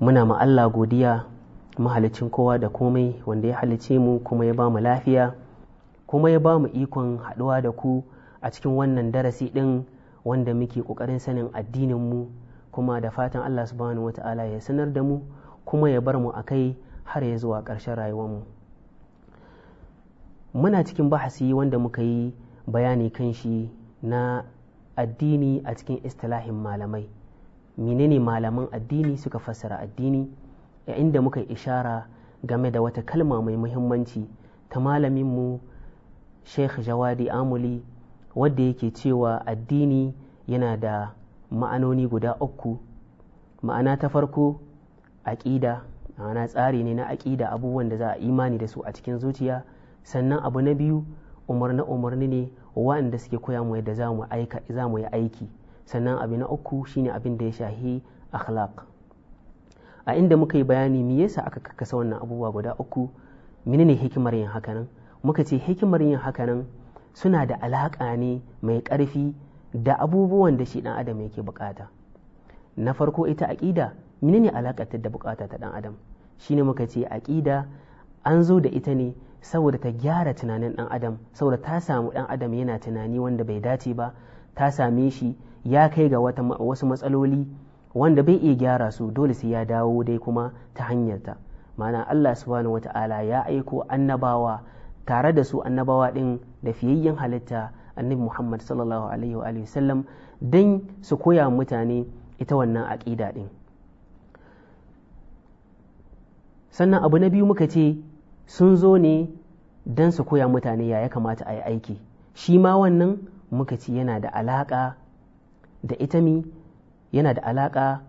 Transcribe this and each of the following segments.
muna ma Allah godiya mahalicin kowa da komai wanda ya halice mu kuma ya ba mu lafiya kuma ya ba mu ikon haɗuwa da ku a cikin wannan darasi ɗin wanda muke ƙoƙarin sanin addinin mu kuma da fatan Allah subhanahu wata'ala ya sanar da mu kuma ya bar mu a kai har ya zuwa ƙarshen rayuwar mu muna cikin bahasi wanda muka yi bayani kan shi na addini a cikin istilahin malamai menene malaman addini suka fassara addini inda muka ishara game da wata kalma mai muhimmanci ta malaminmu sheikh jawadi amuli wadda yake cewa addini yana da ma'anoni guda uku ma'ana ta farko aƙida ma'ana tsari ne na aƙida abubuwan da za a imani da su a cikin zuciya sannan abu na biyu umarni umarni ne wa'anda suke koya mu yadda za mu yi aiki sannan abu na uku shine abin da ya shahi akhlaq a inda muka yi bayani me yasa aka kakkasa wannan abubuwa guda uku menene hikimar yin hakanan muka ce hikimar yin hakanan suna da alaƙa ne mai ƙarfi da abubuwan da shi ɗan adam yake buƙata. na farko ita aƙida menene alaƙar da buƙata ta ɗan adam shine muka ce aƙida an zo da ita ne saboda ta gyara tunanin ɗan adam saboda ta samu ɗan adam yana tunani wanda bai dace ba ta same shi ya kai ga wasu matsaloli wanda bai iya gyara su dole sai ya dawo dai kuma ta hanyarta ma'ana Allah subhanahu wata'ala ya aiko annabawa tare da su annabawa din da fiyayyen halitta annabi Muhammad sallallahu alaihi wa sallam don su koya mutane ita wannan aƙida din. sannan abu na biyu muka ce sun zo ne dan su koya mutane ya ya kamata a yi aiki shi ma wannan muka ce yana da alaƙa da ita mi yana da alaƙa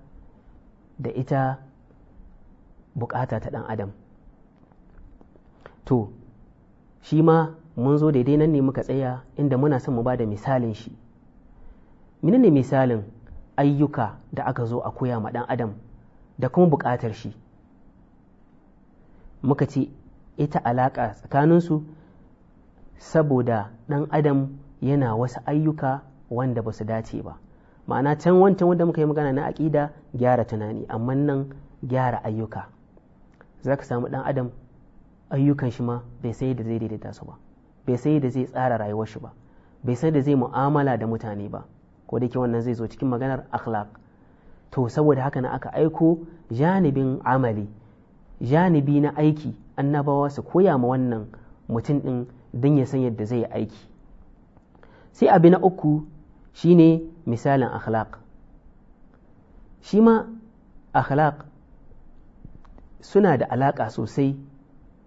da ita bukata ta ɗan adam to shi ma mun zo daidai nan ne muka tsaya inda muna son mu ba da misalin shi ne misalin ayyuka da aka zo a koya ma ɗan adam da kuma buƙatar shi muka ce ita alaƙa tsakaninsu saboda ɗan adam yana wasu ayyuka wanda ba su dace ba ma'ana can wancan wanda muka yi magana na aƙida gyara tunani amma nan gyara ayyuka za ka samu ɗan adam ayyukan shi ma bai sai da zai daidaita su ba bai sai da zai tsara rayuwar shi ba bai sai da zai mu'amala da mutane ba ko da ke wannan zai zo cikin maganar akhlaq to saboda haka na aka aiko janibin amali janibi na aiki annabawa su koya ma wannan mutum ɗin don ya san yadda zai aiki sai abi na uku shine misalin akhlaq shi ma akhlaq suna da alaƙa sosai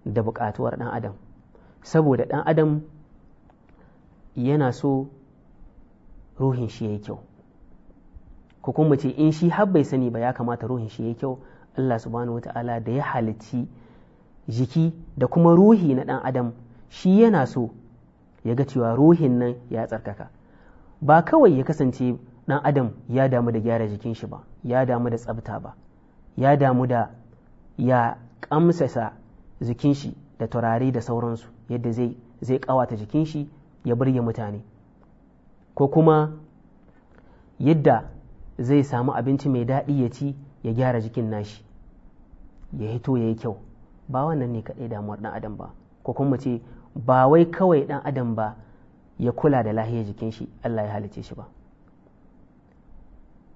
da buƙatuwar ɗan adam saboda ɗan adam yana so ruhin shi yayi kyau ko kuma ce in shi har bai sani ba ya kamata ruhin shi ya yi kyau Allah subhanahu wata'ala da ya halicci jiki da kuma ruhi na ɗan adam shi yana so ya ga cewa ruhin nan ya tsarkaka ba kawai ya kasance ɗan adam ya damu da gyara jikin shi ba ya damu da tsabta ba ya damu da ya ƙamsasa jikin shi da turare da sauransu yadda zai zai jikin shi ya burge mutane ko kuma yadda zai samu abinci mai daɗi ya ci ya gyara jikin nashi ya hito ya yi kyau ba wannan ne kaɗai damuwar ɗan adam ba ko kuma ce ba wai kawai ɗan adam ba ya kula da lahiyar jikin shi Allah ya halice shi ba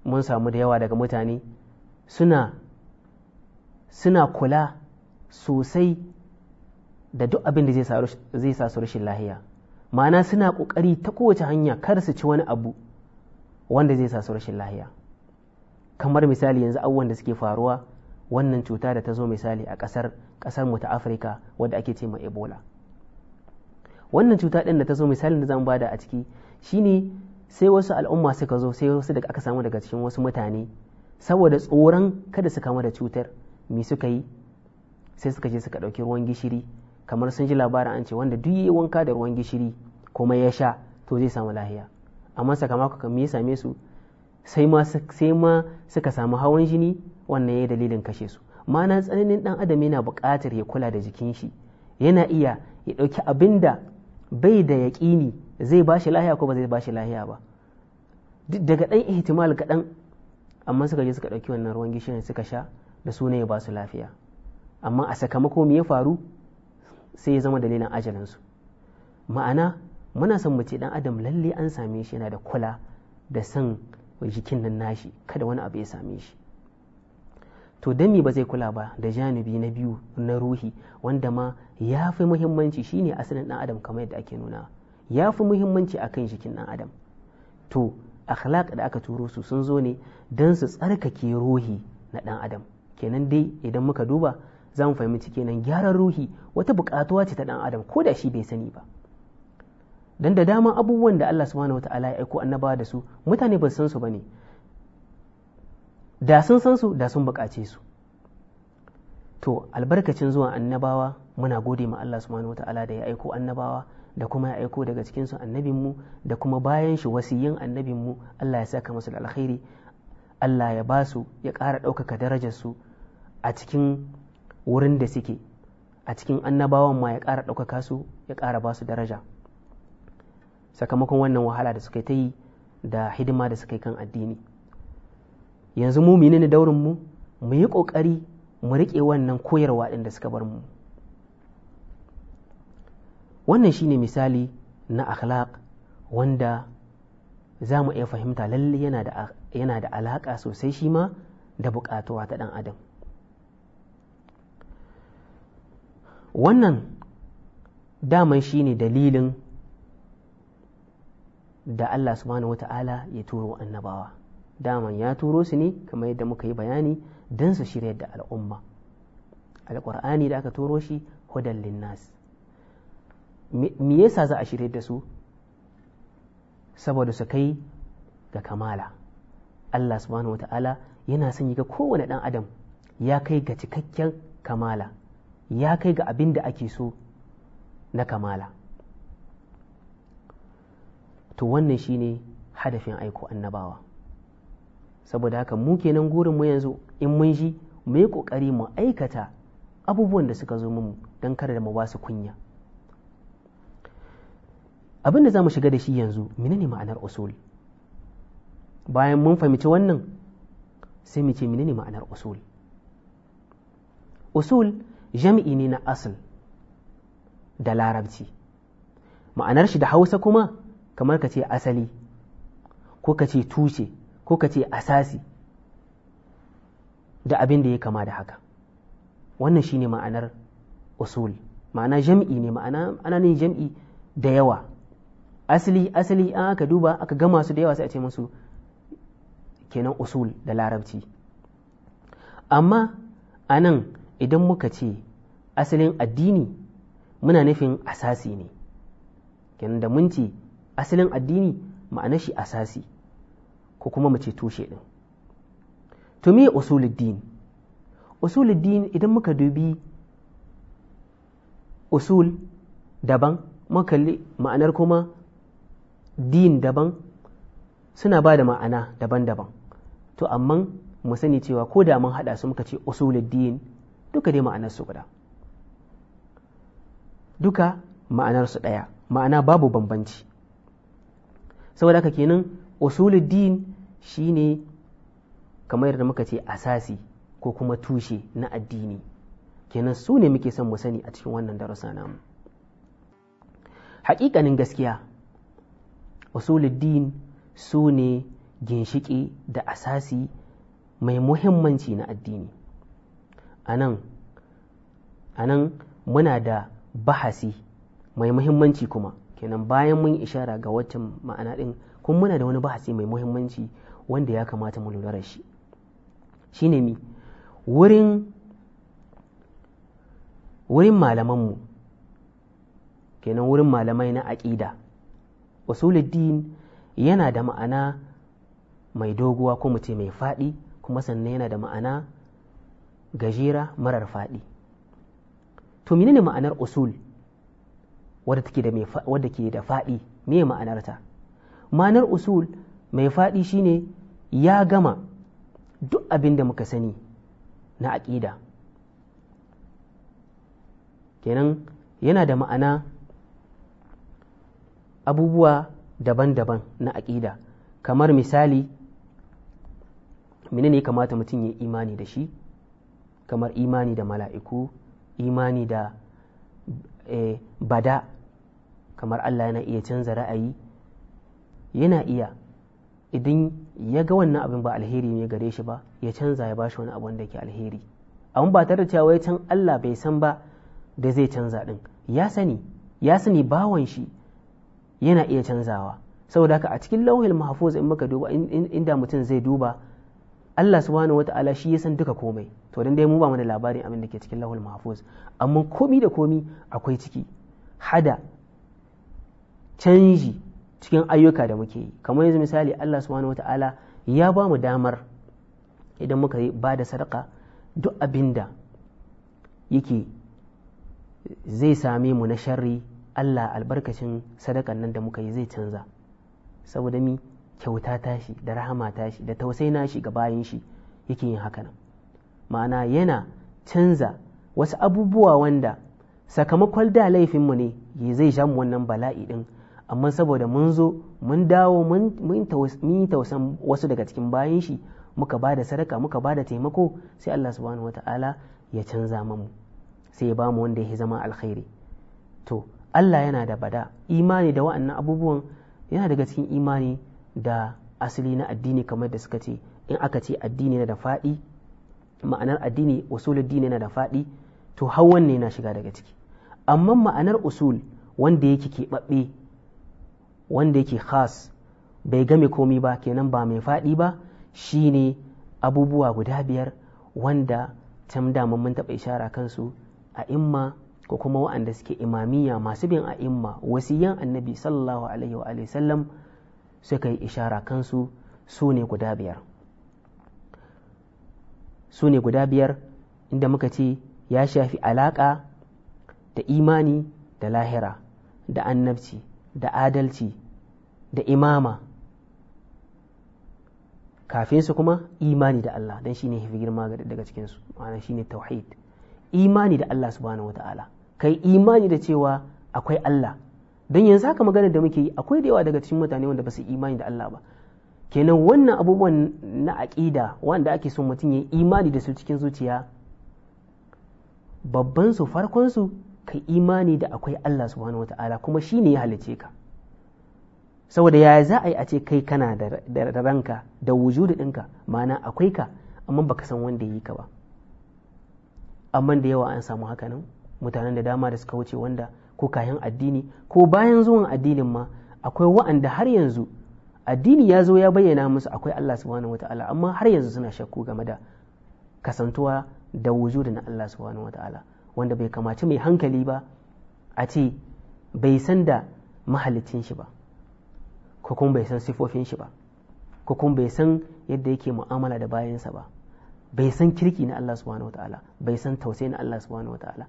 mun samu da yawa daga mutane suna suna kula sosai da duk abin da zai sa su rashin lahiya ma'ana suna ƙoƙari ta kowace hanya kar su ci wani abu wanda zai sa su rashin lahiya kamar misali yanzu abubuwan da suke faruwa wannan cuta da ta zo misali a ƙasar mu ta afirka wadda ake ce ma ebola wannan cuta ɗin da ta zo misalin da zan bada a ciki shine sai wasu al'umma suka zo sai wasu da aka samu daga cikin wasu mutane saboda tsoron kada su kama da cutar me suka yi sai suka je suka ɗauki ruwan gishiri kamar sun ji labarin an ce wanda duk yayi wanka da ruwan gishiri kuma ya sha to zai samu lahiya amma sakamakon me ya same su sai ma suka samu hawan jini wannan ya yi dalilin kashe su ma'ana tsananin ɗan adam yana buƙatar ya kula da jikin shi yana iya ya ɗauki abinda. bai da yaƙini zai ba shi lahiya ko ba zai ba shi lahiya ba daga ɗan ihtimal kaɗan amma suka je suka ɗauki wannan ruwan gishirin suka sha da su ya ba su lafiya amma a sakamako me ya faru sai ya zama dalilin ajalinsu ma'ana muna son mu ce ɗan adam lalle an same shi yana da kula da san jikin nan nashi kada wani abu ya same shi to dan me ba zai kula ba da janibi na biyu na ruhi wanda ma ya fi muhimmanci shine asalin ɗan adam kamar yadda ake nuna ya fi muhimmanci akan jikin dan adam to akhlaq da aka turo su sun zo ne dan su tsarkake ruhi na ɗan adam kenan dai idan muka duba za mu fahimci kenan gyaran ruhi wata buƙatuwa ce ta ɗan adam ko da shi bai sani ba dan da dama abubuwan da Allah subhanahu wataala ya aiko annabawa da su mutane ba san su ne. da sun san su da sun buƙace su to albarkacin zuwan annabawa muna gode ma Allah subhanahu wataala da ya aiko annabawa da kuma ya aiko daga cikin cikinsu annabinmu da kuma bayan shi annabin annabinmu Allah ya saka masu da alkhairi Allah ya ba su ya ƙara ɗaukaka su a cikin wurin da suke a cikin annabawan ma ya ƙara ɗaukaka su ya ƙara ba su daraja sakamakon wannan wahala da suka yi ta yi da hidima da suka yi kan addini yanzu mu ne daurin mu mu yi ƙoƙari mu riƙe wannan koyarwa ɗin da suka bar mu wannan shine misali na akhlaq wanda za mu iya fahimta lalle yana da alaƙa sosai shi ma da buƙatuwa ta ɗan adam wannan daman shi ne dalilin da Allah subhanahu Ta'ala ya turo annabawa daman ya turo su ne kamar yadda muka yi bayani don su shirya da al'umma alƙur'ani da aka turo shi hudan linnas me yasa za a shirya da su saboda su kai ga kamala Allah subhanahu wata'ala yana son ga kowane ɗan adam ya kai ga cikakken kamala ya kai ga abin da ake so na kamala to wannan shine hadafin aiko annabawa saboda haka mu kenan gurin mu yanzu in mun ji mu yi kokari mu aikata abubuwan da suka zo mu don kada da mu ba su kunya abin da za mu shiga da shi yanzu ne ma'anar usul bayan mun fahimci wannan sai mu ce ne ma'anar usul usul jami'i ne na asal da larabci ma'anar shi da hausa kuma kamar ka ce asali ko ka ce tushe ko ka ce asasi da abin da ya kama da haka wannan shi ne ma'anar usul ma'ana jam'i ne ma'ana ana jam'i da yawa asali asali an aka duba aka gama su da yawa sai a ce musu kenan usul da larabci amma anan idan muka ce asalin addini muna nufin asasi ne kenan da mun ce asalin addini ma'ana shi asasi ko kuma mace tushe ɗin to me usuluddin usuluddin idan muka dubi usul daban makalli ma'anar kuma din daban suna ba da ma'ana daban-daban to amma mu sani cewa ko da mun haɗa su muka ce usuluddin duka dai ma'anar su guda duka ma'anar su ɗaya ma'ana babu bambanci saboda haka kenan usuluddin shine kamar da muka ce asasi ko kuma tushe na addini kenan su ne muke son mu sani a cikin wannan darasa namu haƙiƙanin gaskiya usuluddin su ne ginshiƙi da asasi mai muhimmanci na addini a nan muna da bahasi mai muhimmanci kuma kenan bayan mun ishara ga waccan ma'ana ɗin kuma muna da wani bahasi mai muhimmanci wanda ya kamata mu lura da shi shine mi wurin malamanmu kenan wurin malamai na aƙida usuluddin yana da ma'ana mai doguwa ko mu mai faɗi kuma sannan yana da ma'ana gajera marar faɗi to menene ma'anar usul wadda ke da faɗi me ma'anarta ma'anar usul mai faɗi shine ya gama duk abin da muka sani na aƙida kenan yana da ma'ana abubuwa daban-daban na aƙida kamar misali menene kamata mutum ya imani da shi kamar imani da mala'iku imani da e, bada kamar Allah yana iya canza ra'ayi yana iya idan ya ga wannan abin ba alheri ne gare shi ba ya canza ya bashi wani abu wanda ke alheri amma ba tare da cewa ya can Allah bai san ba da zai canza din ya sani ya sani bawan shi yana iya canzawa saboda haka a cikin lauhil mahfuz in muka duba inda mutum zai duba Allah subhanahu wata'ala shi ya san duka komai to dan dai mu ba mu da labarin abin da ke cikin lauhul mahfuz amma komi da komi akwai ciki hada canji cikin ayyuka da muke yi kamar yanzu misali Allah subhanahu wata'ala ya ba mu damar idan muka yi ba da sadaka duk abin da yake zai same mu na sharri Allah albarkacin sadakan nan da muka yi zai canza saboda mi kyauta tashi da rahama tashi da tausai nashi ga bayan shi yake yin haka nan ma'ana yana canza wasu abubuwa wanda sakamakon da laifinmu ne zai samu wannan bala'i din amma saboda mun zo mun dawo mun yi tausan wasu daga cikin bayan shi muka ba da sadaka muka ba da taimako sai Allah subhanahu Ta'ala ya canza mamu sai ya ba mu wanda ya zama alkhairi to Allah yana da bada imani da wa'annan abubuwan yana daga cikin imani da asali na addini kamar da suka ce in aka ce addini na da faɗi ma'anar addini usul addini na da faɗi to hawan ne na shiga daga ciki amma ma'anar usul wanda yake keɓaɓɓe wanda yake khas bai game komi ba kenan ba mai faɗi ba shine abubuwa guda biyar wanda can daman mun taɓa ishara kansu a imma ko kuma waɗanda suke imamiya masu bin a imma wasiyan annabi sallallahu alaihi wa sallam suka yi ishara kansu su ne guda biyar su ne guda biyar inda muka ce ya shafi alaƙa da imani da lahira da annabci da adalci da imama kafin su kuma imani da Allah dan shine hifi girma daga cikin su ma'ana shine tauhid imani da Allah subhanahu wata'ala kai imani da cewa akwai Allah don yanzu haka magana da muke yi akwai da yawa daga cikin mutane wanda ba su imani da Allah ba kenan wannan abubuwan na aƙida wanda ake son mutum ya imani da su cikin zuciya babban su farkon su ka imani da akwai Allah subhanahu wata'ala kuma shi ne ya halice ka saboda yaya za a yi a ce kai kana da ranka da wujudu dinka, ma'ana akwai ka amma baka san wanda ya yi ka ba amma da yawa an samu haka nan mutanen da dama da suka wuce wanda ko kayan addini ko bayan zuwan addinin ma akwai wa'anda har yanzu addini ya zo ya bayyana musu akwai Allah subhanahu wata'ala amma har yanzu suna shakku game da kasantuwa da wujudu na Allah subhanahu wata'ala wanda bai kamaci mai hankali ba a ce bai san da mahalicin shi ba ko kuma bai san sifofin shi ba ko kuma bai san yadda yake mu'amala da bayansa ba bai san kirki na Allah subhanahu wataala bai san tausayi na Allah subhanahu wataala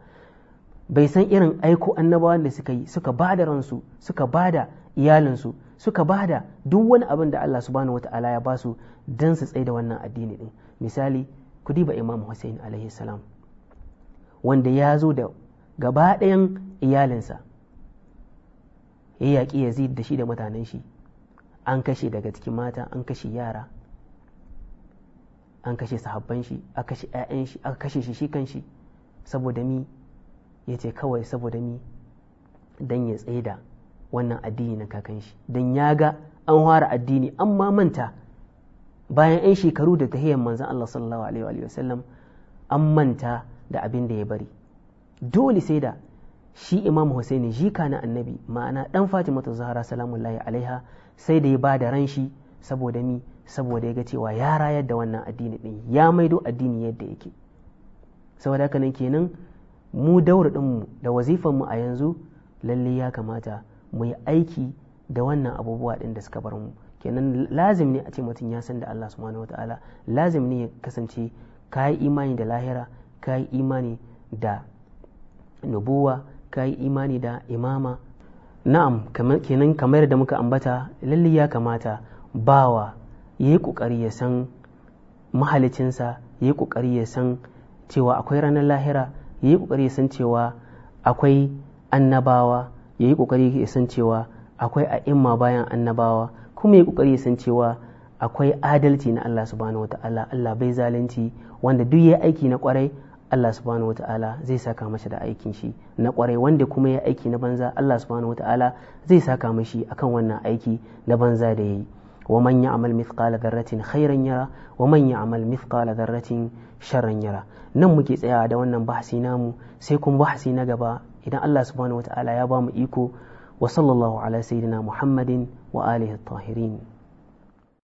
bai san irin aiko annabawan da suka yi suka ba da ransu suka ba da iyalinsu suka ba da duk wani abin da Allah subhanahu wataala ya ba su don su tsaye da wannan addini din misali ku diba Imam Hussein alaihi salam wanda ya zo da gaba ɗayan iyalinsa ya yaƙi yazid da shi da mutanen shi an kashe daga cikin mata an kashe yara an kashe sahabban shi an kashe 'ya'yan shi aka kashe shi shi kan shi saboda mi ya ce kawai saboda mi don ya tsaida wannan addini na kakan shi don ya ga an fara addini an ma manta bayan 'yan shekaru da tahiyyar manzan Allah sallallahu alaihi wa an manta da abin da ya bari dole sai da shi imam Hussaini jika na annabi ma'ana dan fatima ta zahra salamullahi alaiha sai da ya ba da ran shi saboda mi saboda ya ga cewa ya rayar da wannan addini din ya maido addini yadda yake saboda haka nan kenan mu daura mu da wazifan mu a yanzu lalle ya kamata mu yi aiki da wannan abubuwa din da suka bar mu kenan lazim ne a ce mutum ya san da Allah subhanahu wataala lazim ne ya kasance ka yi imani da lahira ka yi imani da nubuwa ka yi imani da imama na'am kenan kamar da muka ambata lalle ya kamata bawa ya yi ƙoƙari ya san mahalicinsa ya yi ƙoƙari ya san cewa akwai ranar lahira ya yi ƙoƙari ya san cewa akwai annabawa ya yi ƙoƙari ya san cewa akwai a'imma bayan annabawa kuma ya yi ƙoƙari ya san cewa akwai adalci na Allah subhanahu ta'ala Allah bai zalunci wanda duk yayi aiki na kwarai Allah subhanahu wata'ala zai saka mashi da aikin shi na kwarai wanda kuma ya aiki na banza Allah subhanahu wata'ala zai saka mashi akan wannan aiki na banza da yayi wa man ya'mal mithqala dharratin khairan yara wa man ya'mal mithqala dharratin sharran yara nan muke tsayawa da wannan bahasi namu sai kun bahasi na gaba idan Allah subhanahu wata'ala ya ba mu iko wa sallallahu ala sayyidina Muhammadin wa alihi tahirin